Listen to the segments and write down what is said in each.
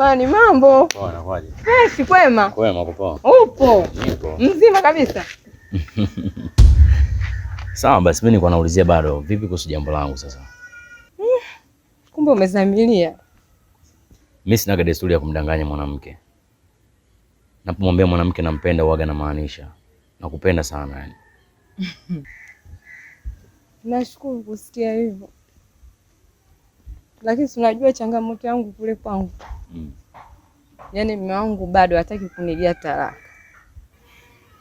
Jamani, mambo? Eh, si kwema? Kwema, upo mzima kabisa? Sawa, basi mimi nilikuwa naulizia bado vipi kuhusu jambo langu sasa. Eh, kumbe umezamilia. Mimi sinaga desturi ya kumdanganya mwanamke, napomwambia mwanamke nampenda uwaga namaanisha nakupenda sana yani. Nashukuru kusikia hivyo lakini tunajua changamoto yangu kule kwangu mm. Yaani mume wangu bado hataki kunigia talaka.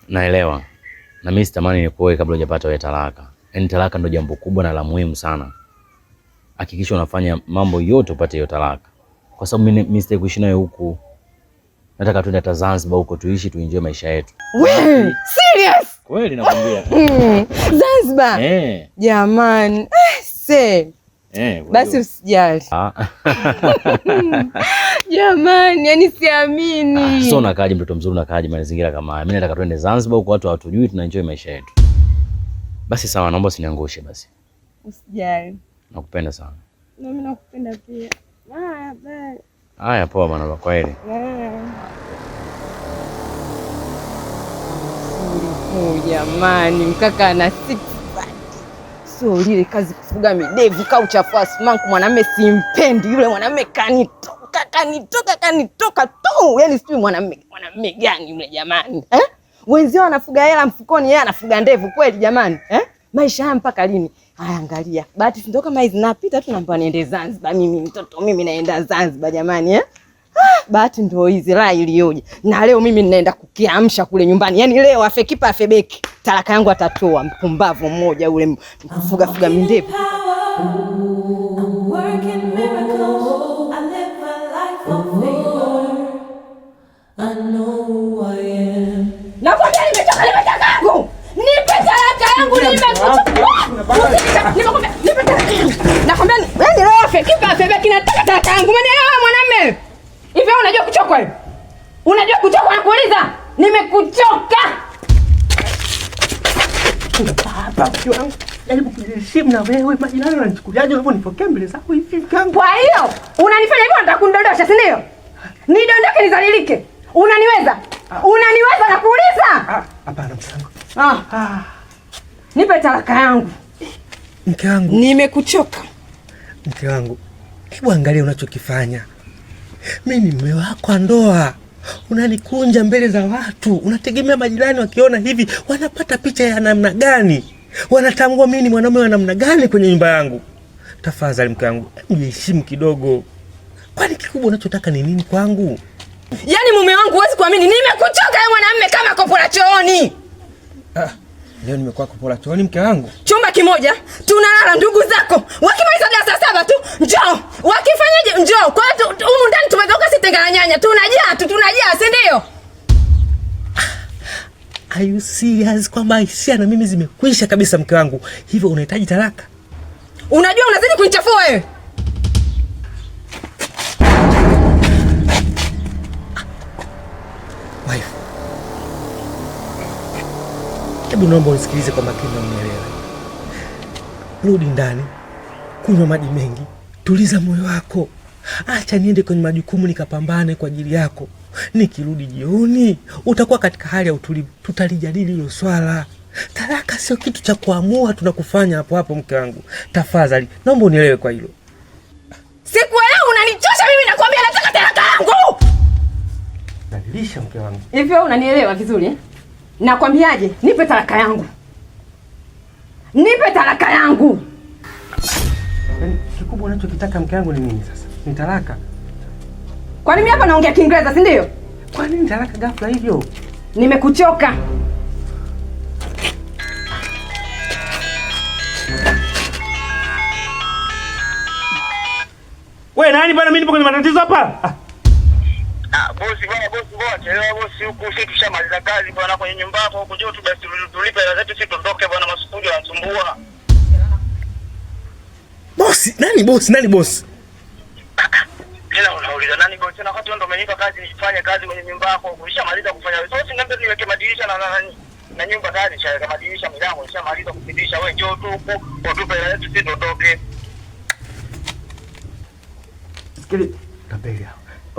Naelewa, na mimi sitamani nikuoe kabla hujapata wewe talaka. Yaani talaka ndio jambo kubwa na la muhimu sana. Hakikisha unafanya mambo yote upate hiyo talaka, kwa sababu mimi mimi sitaki kuishi naye huku. Nataka tuende hata Zanzibar huko tuishi, tuenjoy maisha yetu. Wewe serious? Kweli nakwambia. Hmm. Zanzibar. Eh. Jamani, eh, Eh, basi usijali ah. jamani, yani siamini. Ah, so nakaje mtoto mzuri, nakaje mazingira kama haya? Mimi nataka tuende Zanzibar, huko watu hawatujui, tunaenjoy maisha yetu. Basi sawa, naomba usiniangushe. Basi usijali, nakupenda sana. Na mimi nakupenda pia. Haya bye. Haya poa bwana, kwa heri. Oh, jamani, mkaka ana six sio lile kazi kufuga midevu kauchafua smanku. Mwanamme simpendi yule mwanamme, kanitoka kanitoka kanitoka tu, yani sijui mwanamme mwanamme gani yule jamani eh? Wenzio anafuga hela mfukoni, yeye anafuga ndevu kweli jamani eh? Maisha haya mpaka lini? ayangalia angalia bahati, ndo kama hizi napita tu, naomba niende Zanzibar mimi, mtoto mimi naenda Zanzibar jamani eh? bahati ndio hizi raha iliyoje. Na leo mimi ninaenda kukiamsha kule nyumbani, yaani leo afe kipa afe beki, talaka yangu atatoa. Mpumbavu mmoja ule mfuga fuga mindevu nakwambia, yaani leo afe nataka talaka yangu mwanamume Hivi wewe unajua kuchoka wewe? Unajua kuchoka na kuuliza? Nimekuchoka. Baba, wangu. Jaribu kujiheshimu na wewe, majirani wewe unavyonipokea mbele zangu hivi kangu? Kwa hiyo, unanifanya hivyo unataka kundondosha, si ndio? Nidondoke nizalilike. Unaniweza? Ah. Unaniweza na kuuliza? Ah, hapana msangu. Ah. Ah. Nipe talaka yangu. Mke wangu. Nimekuchoka. Mke wangu. Hebu angalia unachokifanya mi ni mume wako ndoa, unanikunja mbele za watu. Unategemea majirani wakiona hivi wanapata picha ya namna gani? Wanatambua mi ni mwanaume wa namna gani kwenye nyumba yangu? Tafadhali mke wangu, niheshimu kidogo. Kwani kikubwa unachotaka ni nini kwangu? Yaani mume wangu, huwezi kuamini, nimekuchoka wewe mwanamume kama kopo la chooni. Ah. Leo nimekuwa kupola chooni, mke wangu, chumba kimoja tunalala. Ndugu zako wakimaliza saa saba tu njoo, wakifanyaje njoo. Kwa hiyo humu ndani tumegeuka si tenga na nyanya, Tunajia tu, tunajaa, si ndio? Ah, are you serious kwamba hisia na mimi zimekwisha kabisa, mke wangu? Hivyo unahitaji talaka? Unajua unazidi kunichafua wewe. Hebu naomba unisikilize kwa makini na unielewe. Rudi ndani, kunywa maji mengi, tuliza moyo wako. Acha niende kwenye majukumu nikapambane kwa ajili yako. Nikirudi jioni utakuwa katika hali ya utulivu, tutalijadili hilo swala. Talaka sio kitu cha kuamua, tunakufanya hapo hapo. Mke wangu, tafadhali naomba unielewe kwa hilo. Siku leo unanichosha mimi, nakwambia nataka talaka yangu. Dalilisha mke wangu, hivyo unanielewa vizuri eh? Nakwambiaje, nipe talaka yangu, nipe talaka yangu. Yaani, kikubwa unachokitaka mke wangu ni nini sasa? Ni talaka? Kwa nini hapa naongea Kiingereza, si ndio? Kwa nini talaka ghafla hivyo? Nimekuchoka. We nani bwana, mimi nipo kwenye matatizo hapa. Ah wachelewa bosi, huku tushamaliza kazi bwana, kwenye nyumba juu tu, basi tulipe hela zetu, tuondoke bwana, wanasumbua. Bosi nani? Bosi nani? Bosi kila unauliza nani bosi, na wakati ndo umenipa kazi nifanye kazi kwenye nyumba yako, ulishamaliza kufanya wewe. Sasa niambia, niweke madirisha na nani na nyumba tayari, nishaweka madirisha milango, nishamaliza kupindisha. Wewe njoo tu huku utupe hela zetu, sisi tuondoke. Sikili tapeli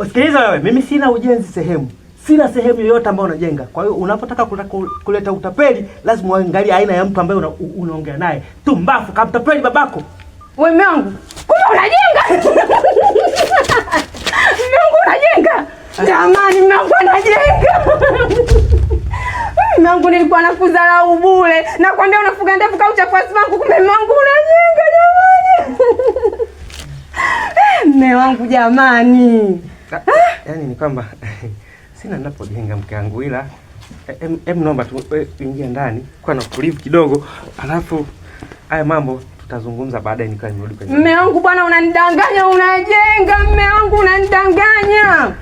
Sikiliza wewe, mimi sina ujenzi sehemu, sina sehemu yoyote ambayo unajenga. Kwa hiyo unapotaka kuleta utapeli, lazima uangalie aina ya mtu ambaye unaongea naye. Tumbafu kamtapeli babako. Wewe mume wangu, kumbe unajenga mume wangu, unajenga jamani, mume wangu anajenga Mume wangu nilikuwa nakudharau bure. Nakwambia unafuga ndevu kama uchafuzi wangu, kumbe mume wangu unajenga jamani. Mume wangu jamani. Ah. Yaani ni kwamba sina napojenga mke wangu, ila em, naomba ingia ndani kwa na kulivu kidogo, alafu haya mambo tutazungumza baadaye nikiwa nimerudi kwenye. Mme wangu bwana, unanidanganya, unajenga. Mme wangu unanidanganya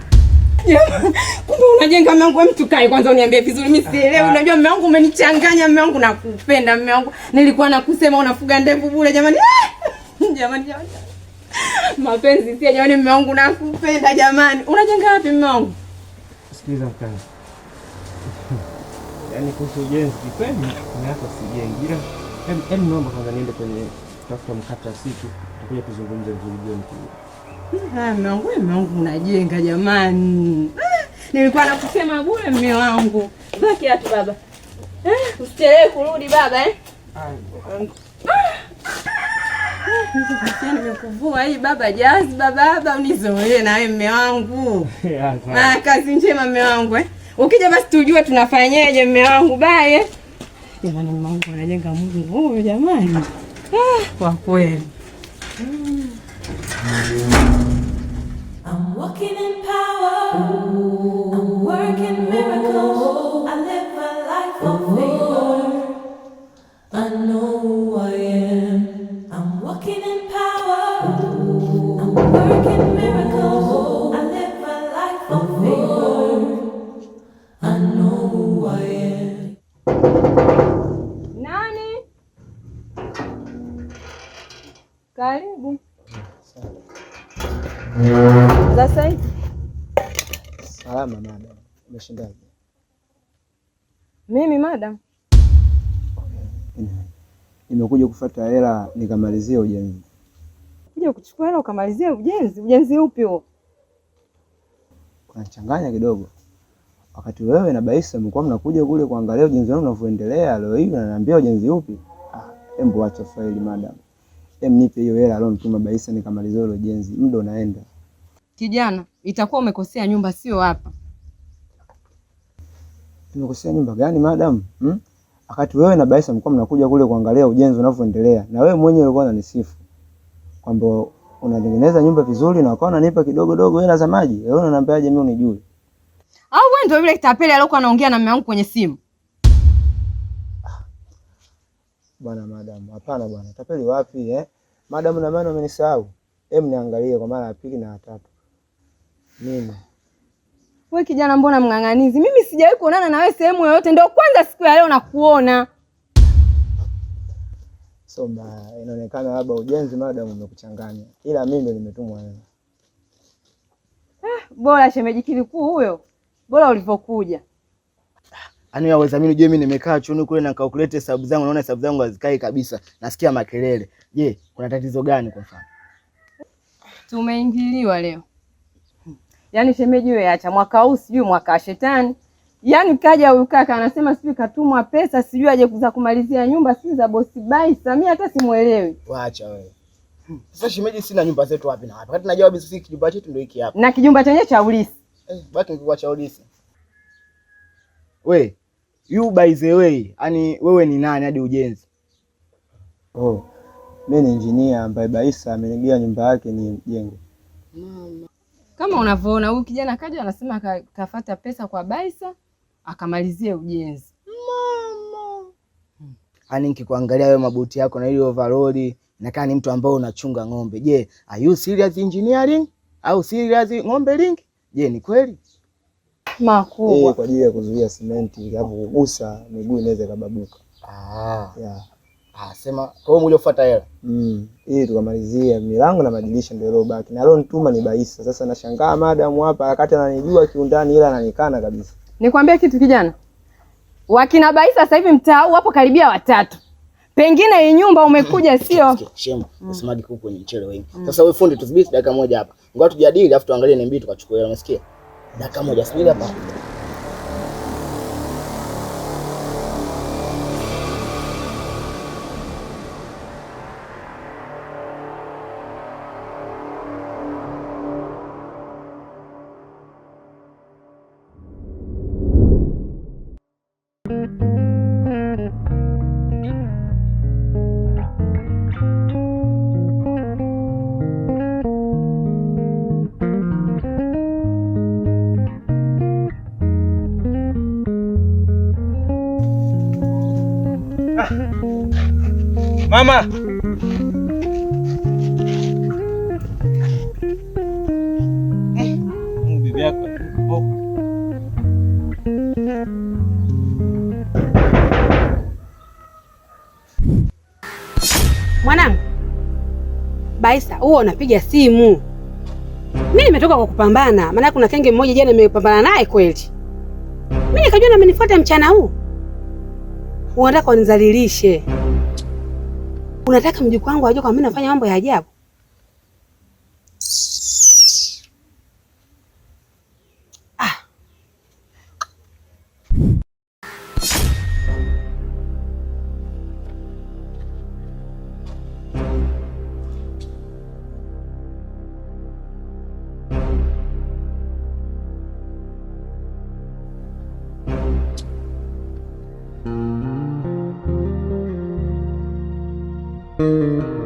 Kumbe unajenga mume wangu, mtu kwanza uniambie vizuri, mimi sielewi. Ah. Unajua mume wangu umenichanganya, mume wangu nakupenda, mume wangu nilikuwa nakusema unafuga ndevu bure. Jamani, jamani, jamani. Mapenzi pia jamani, mume wangu nakupenda jamani. Unajenga wapi mume wangu? Sikiliza mkana. Yaani kuhusu ujenzi kweli miaka sijengi. Ila yaani naomba kwanza niende kwenye tafuta mkata siku tutakuja tuzungumze vizuri jioni kule. Ah, mume wangu, mume wangu unajenga jamani. Ah, nilikuwa nakusema bure mume wangu. Baki hatu baba. Eh, usichelewe kurudi baba eh. Ah. Nimekuvua hii baba jazi bababa, unizoee mme wangu. Ah, kazi njema mme wangu eh. Ukija basi tujue tunafanyaje mme wangu baye. Eh. Jamani mme wangu anajenga Mungu jamani. Ah, kwa kweli. I'm walking in power. I'm working miracles. I live life I know madam? Nimekuja kufuata hela nikamalizia ujenzi. Kuja kuchukua hela ukamalizia ujenzi? Ujenzi upi huo? Unachanganya kidogo. Wakati wewe na Baisa mlikuwa mnakuja kule kuangalia ujenzi wangu unavyoendelea, leo hii unaniambia ujenzi upi? Ah, embo acha faili madam. Em, nipe hiyo hela leo nituma Baisa nikamalizia ujenzi. Muda unaenda. Kijana, itakuwa umekosea nyumba sio hapa tumekosea nyumba gani madam? Hmm? Akati wewe na Baisa mko mnakuja kule kuangalia ujenzi unavyoendelea, na wewe mwenyewe ulikuwa unanisifu kwamba unatengeneza nyumba vizuri, na ukawa unanipa kidogo dogo hela za maji. Wewe unaniambiaje mimi unijui? Au wewe ndio yule kitapeli aliyokuwa anaongea na mume wangu kwenye simu? Ah, bwana madam, hapana bwana. Tapeli wapi eh? Madam na maana umenisahau. Hem, niangalie kwa mara ya pili na ya tatu. Mimi We kijana, mbona mng'ang'anizi? Mimi sijawahi kuonana na wewe sehemu yoyote, ndio kwanza siku ya leo nakuona. Soma, inaonekana labda ujenzi madam umekuchanganya, ila mimi ndio nimetumwa wewe. Ah, bora shemeji kilikuu huyo, bora ulivyokuja. Ani yaweza mimi nijue mimi nimekaa chuni kule na calculate sababu zangu, naona sababu zangu hazikai kabisa, nasikia makelele. Je, kuna tatizo gani? Kwa mfano tumeingiliwa leo yani shemeji wewe acha mwaka huu sijui mwaka wa shetani. Yani kaja huyu kaka anasema sijui katumwa pesa sijui aje kuza kumalizia nyumba sijui za bosi bai Samia, hata simuelewi. Waacha wewe. Sasa shemeji, sina nyumba zetu wapi na wapi? Kati najua bisi sisi kijumba chetu ndio hiki hapa. Na kijumba chenye cha ulisi. Eh, baki ngikuwa cha ulisi. Wewe you by the way, yani wewe ni nani hadi ujenzi? Oh. Mimi ni engineer ambaye Baisa amenigia nyumba yake ni mjengo. Mama. Kama unavyoona huyu kijana kaja anasema ka, kafata pesa kwa Baisa akamalizie ujenzi. Mama. Hmm. Yaani nikikuangalia wewe mabuti yako na ile overall nakaa ni mtu ambaye unachunga ng'ombe. Je, are you serious engineering au serious ng'ombe ring? Je, ni kweli? Makubwa. E, kwa ajili ya kuzuia simenti, alafu kugusa miguu inaweza kababuka. Ah. Yeah. Asema ah, sema kwa hiyo mmoja ufuata hela. Mm. Ili tukamalizia milango na madirisha ndio leo baki. Na leo nituma ni baisa. Sasa nashangaa madam hapa wakati ananijua kiundani ila ananikana kabisa. Nikwambia kitu kijana. Wakina baisa sasa hivi mtaa huu hapo karibia watatu. Pengine hii nyumba umekuja mm. sio? Shema. Mm. Usimaji kuku kwenye mchele wengi. Mm. Sasa wewe fundi, tuthibiti dakika moja hapa. Ngoja tujadili afu tuangalie ni mbii tukachukua hela, unasikia? Dakika moja sibili hapa. Mama. Mwanangu, Baisa, huo unapiga simu. Mimi nimetoka kwa kupambana, maana kuna kenge mmoja jana nimepambana naye kweli. Mimi nikajua na amenifuata mchana huu, unataka unizalilishe. Unataka mjukuu wangu ajue kwa mimi nafanya mambo ya ajabu? Música hum.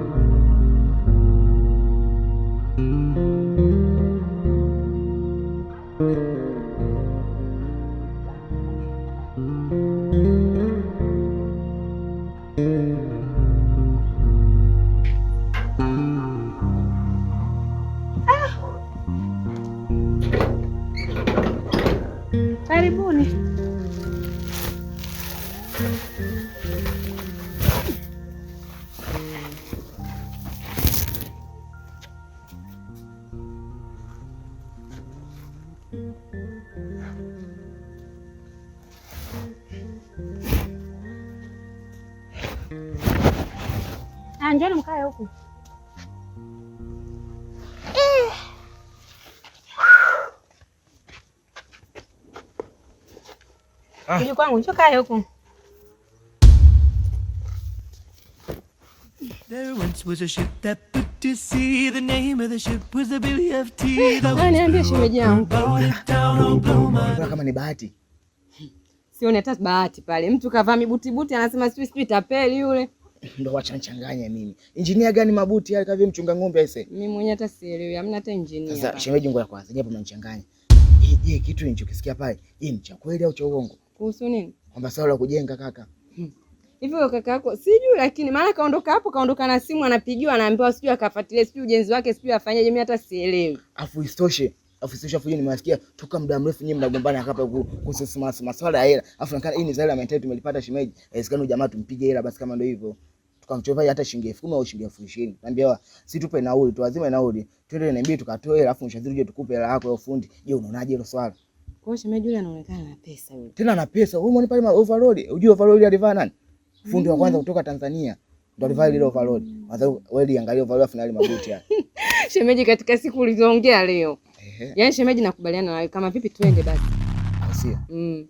Njoni mkae huku. Ah. Kuja kwangu njoo kae huku. There once was a ship that put to sea. The name of the ship was the Billy of Tea. Eh, kama ni bahati. Sioni hata bahati pale. Mtu kavaa mibutibuti anasema sijui sijui tapeli yule. Ndo wachanchanganya nini? Injinia gani Mabuti hayo kavi mchunga ng'ombe aise? Mimi mwenyewe hata sielewi, hamna hata injinia. Sasa shemeji, ngoja kwanza, japo mnachanganya. Je, kitu hicho kisikia pale, je, ni cha kweli au cha uongo? Kuhusu nini? Kwamba sawa la kujenga kaka. Hmm. Hivyo hmm. Kaka yako sijui, lakini maana kaondoka hapo, kaondoka na simu, anapigiwa anaambiwa, sijui akafuatilia, sijui ujenzi wake, sijui afanyaje, mimi hata sielewi. Afu istoshe afu sisha fujo nimesikia toka muda mrefu nyinyi mnagombana akapa kuhusu masuala ya hela. Afu nakana hii ni zile ya mentality tumelipata shemeji. Haiwezekani jamaa tumpige hela basi kama ndio hivyo tukamchovia hata shilingi elfu kumi au shilingi elfu ishirini naambia si tupe nauli tu, lazima nauli twende na mbili tukatoe, alafu mshaziri je, tukupe hela yako ya fundi. Je, unaonaje hilo swala? Kwa hiyo shemeji yule anaonekana na pesa yule, tena na pesa. Wewe umeona pale overall, unajua overall alivaa nani? Fundi wa kwanza mm-hmm. kutoka Tanzania ndo alivaa ile overall. Wewe liangalia overall finali mabuti haya. Shemeji, katika siku ulizoongea leo, yaani shemeji, nakubaliana nawe. Kama vipi, twende basi. Asia mm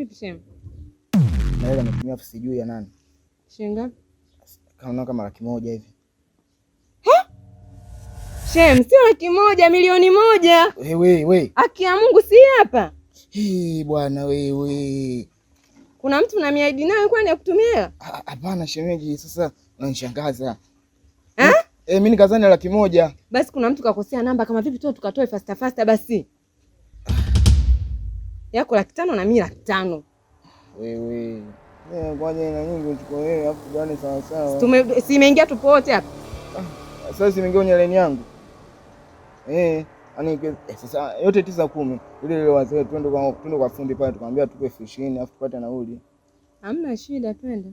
Vipi shem? Na yule ametumia elfu sijui ya nani? Shilingi Kaona Kama laki moja hivi. Shem, sio laki moja, milioni moja. we, we. Aki ya Mungu si hapa. Hii bwana wewe. Kuna mtu na miadi nayo kwani ya kutumia? Hapana shemeji, sasa unanishangaza. Eh? Eh, mimi nikazani laki moja. Basi kuna mtu kakosea namba kama vipi tu tukatoe fasta fasta basi yako laki tano na mimi laki tano wewe si imeingia tupo wote hapa ah, sasa, si imeingia kwenye leni yangu eh, yani eh, sasa yote tisa kumi, ile ile wazee, twende kwa twende kwa fundi pale, tukamwambia tupe elfu ishirini afu tupate nauli. Hamna shida, twende.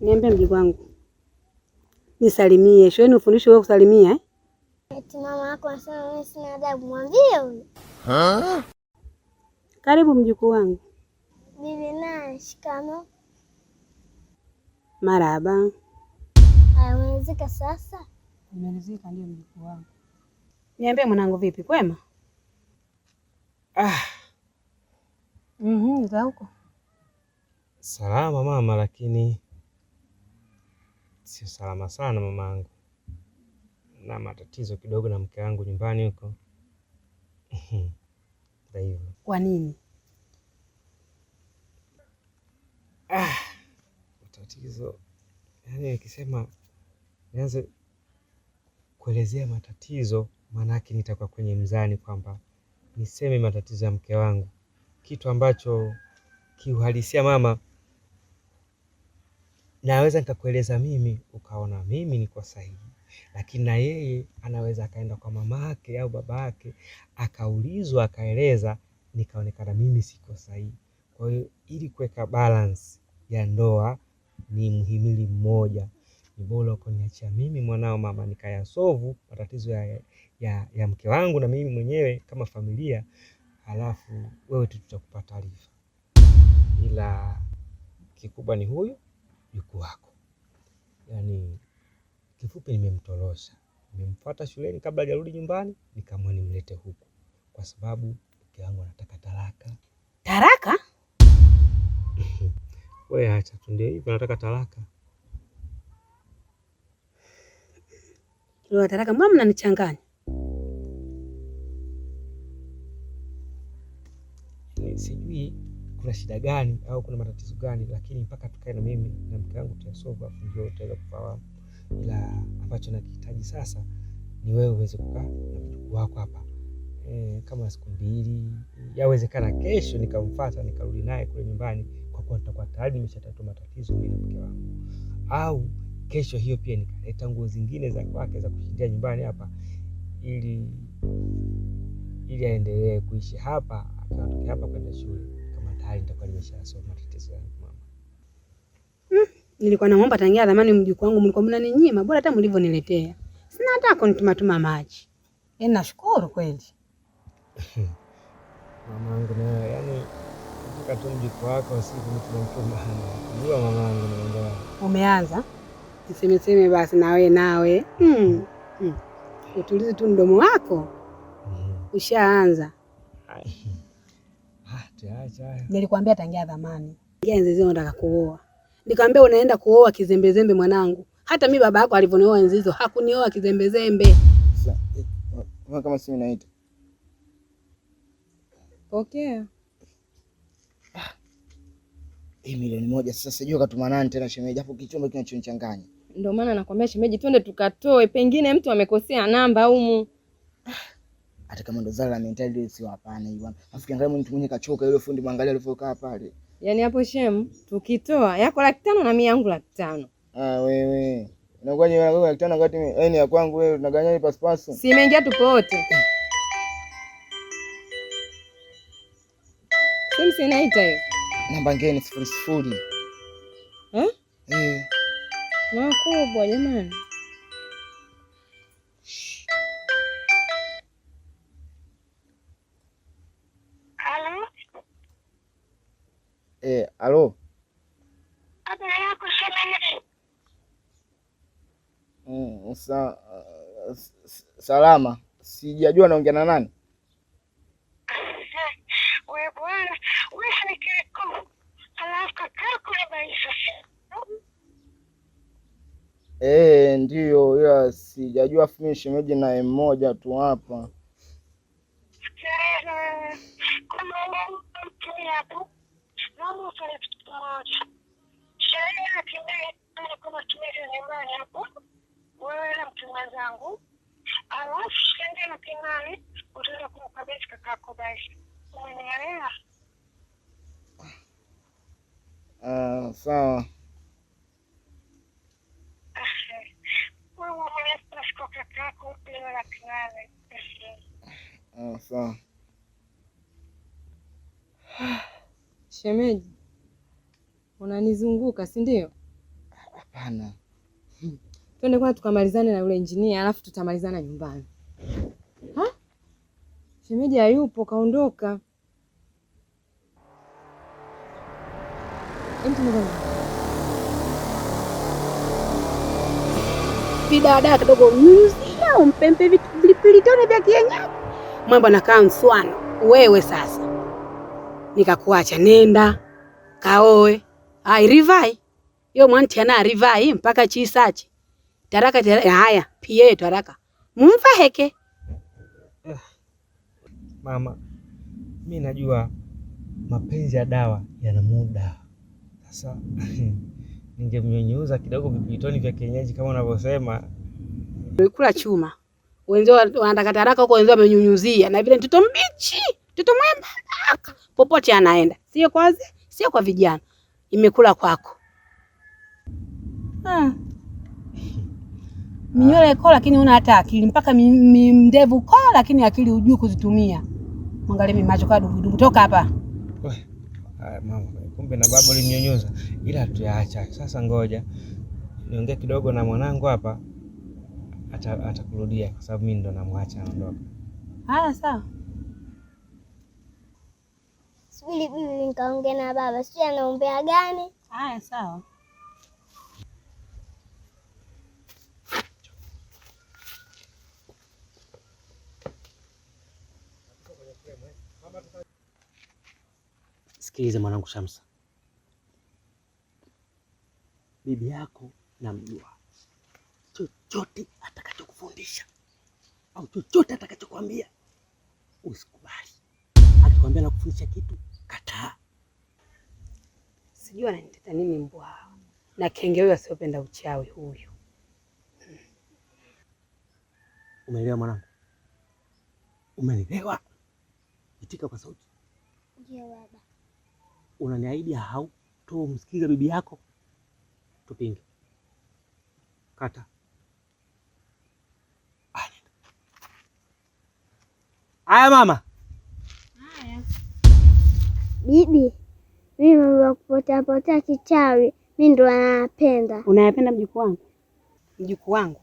Niambia mjukuu wangu nisalimie, shoni ufundishwe wewe kusalimia eh? eti mama yako anasema mimi sina adabu, mwambie huyo. Karibu mjukuu wangu. Bibi naye, shikamo. Maraba. Haya, sasa? Nimerizika, ndio mjukuu wangu. Niambie mwanangu, vipi, kwema? Ah. Mhm, za huko salama mama, lakini sio salama sana mamangu na matatizo kidogo na mke wangu nyumbani huko. Kwa nini? Ah, matatizo yaani, nikisema nianze kuelezea matatizo, maana yake nitakuwa kwenye mzani kwamba niseme matatizo ya mke wangu, kitu ambacho kiuhalisia, mama, naweza nikakueleza mimi ukaona mimi niko sahihi lakini na yeye anaweza akaenda kwa mama yake au baba yake akaulizwa akaeleza, nikaonekana mimi siko sahihi. Kwa hiyo ili kuweka balance ya ndoa ni mhimili mmoja, ni bora ukaniachia mimi mwanao mama, nikayasovu matatizo ya, ya, ya mke wangu na mimi mwenyewe kama familia, halafu wewe tu tutakupa taarifa, ila kikubwa ni huyu yuko wako yani Kifupi nimemtorosha, nimemfuata shuleni kabla hajarudi nyumbani, nikamwa nimlete huku kwa sababu mke wangu anataka taraka taraka Wewe acha tu, ndio hivyo, anataka taraka. Ndio talaka, mnanichanganya. Yaani sijui kuna shida gani au kuna matatizo gani, lakini mpaka tukae na mimi na mke wangu tuyasolve, afu ndio utaweza kufahamu ambacho nakihitaji sasa ni wewe uweze kukaa na mjukuu wako hapa e, kama siku mbili, yawezekana kesho nikamfuata nikarudi naye kule nyumbani, kwa kuwa nitakuwa tayari nimeshatatua matatizo mimi na mke wangu. Au kesho hiyo pia nikaleta nguo zingine za kwake za kushindia nyumbani hapa, ili ili aendelee kuishi hapa, akatoka hapa kwenda shule, kama tayari nitakuwa nimeshasoma matatizo yangu nilikuwa namuomba tangia zamani mjukuu wangu, mlikuwa mnaninyima, bora hata mlivyoniletea. Sina hata kunituma tuma maji. Yaani nashukuru kweli. Mama yangu na yani kutoka tu mjukuu wako siku mtu mtuma. Unajua mama mamangu naomba. Umeanza? Niseme seme basi na wewe nawe. Mm. Mm. Utulize tu mdomo wako. Mm. Ushaanza. Ah, tuacha. Nilikwambia tangia zamani. Ngia nzizio nataka kuoa. Nikamwambia unaenda kuoa kizembezembe mwanangu. Hata mi baba yako alivyonioa Nzizo hakunioa kizembezembe. Eh, kama si naita. Pokea. Hii ah, eh, milioni moja sasa sijui katuma nani tena shemeji, hapo kichombo kinachonichanganya. Ndio maana nakwambia shemeji, twende tukatoe, pengine mtu amekosea namba humu. Ah, hata kama ndo zala mentality sio, hapana hiyo Afikiangalia mtu mwenye kachoka, yule fundi mwangalia alivyokaa pale. Yaani hapo shem, tukitoa yako laki tano na mimi yangu laki tano. Ah, wewe unakuwaje wewe laki tano wakati mimi ni ya kwangu, wewe unaganya ni pasipasi? Si imeingia tupo wote. Simu naita hiyo. Namba ngeni 00. Eh? Eh. Na kubwa jamani. Eh, alo. Habari yako shemeji? Mm, sa, uh, salama. Ah. Sijajua naongea na nani? Wewe bwana, wewe ni kiko. Alafu kakako ni maisha. Eh, ndio ila sijajua fumi shemeji naye mmoja tu hapa. Eh, Kama hapo mambo tuna kitu kimoja, sherehe ya kimwili kama tumeenda nyumbani hapo, wewe na mtu mwenzangu, alafu utaenda kumkabidhi basi. Umenielewa? Ah, sawa. la ah, sawa. Shemeji, unanizunguka si ndio? Hapana. Hmm. Twende kwanza tukamalizane na yule injinia alafu tutamalizana nyumbani. Ha? Shemeji hayupo kaondoka. Pidada kidogo mzia umpempe vitu pilipili tone vya kienyeji. Mambo nakaa mswano wewe sasa nikakuacha nenda kaoe ai rivai yo mwanti ana rivai mpaka chisachi taraka, taraka haya pia taraka mumva heke eh. Mama mi najua mapenzi ya dawa yana muda sasa ningemnyunyuza kidogo vipitoni vya kienyeji kama unavyosema kula chuma wenzao wanataka taraka huko, wenzao wamenyunyuzia na vile mtoto mbichi mtoto mwema popote anaenda, sio kwa wazee, sio kwa vijana. Imekula kwako ah. Minywele ko lakini una hata akili mpaka mdevu ko lakini akili hujui kuzitumia. Mwangalie mimi macho kadu dugudugu toka hapa. Haya mama, kumbe na babu alininyonyoza ila tuyaacha. Sasa ngoja niongee kidogo na mwanangu hapa, atakurudia ata kwa sababu mimi ndo namwacha aondoke. Haya sawa subiri mimi nikaongea na baba, sijui anaombea gani. Haya, sawa. Sikiliza mwanangu Shamsa, bibi yako namjua, chochote atakachokufundisha au chochote atakachokwambia usikubali. Akikwambia na kufundisha kitu sijui ananiteta nini mbwa hawa na kenge huyo asiopenda uchawi huyu. Umeelewa mwanangu? Umeelewa? Itika kwa sauti. Ndio baba. Unaniahidi hautomsikiza bibi yako? Tupinge kata haya mama. Haya bibi mimi wa kupotapotea kichawi, mi ndo anapenda. Unayapenda mjukuu wangu? Mjukuu wangu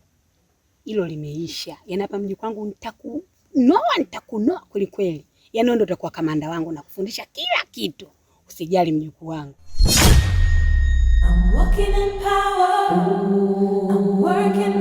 hilo limeisha. Yaani hapa mjukuu wangu nitakunoa, nitakunoa kwelikweli kweli. Yaani ndo utakuwa kamanda wangu na kufundisha kila kitu. Usijali mjukuu wangu. I'm walking in power. I'm working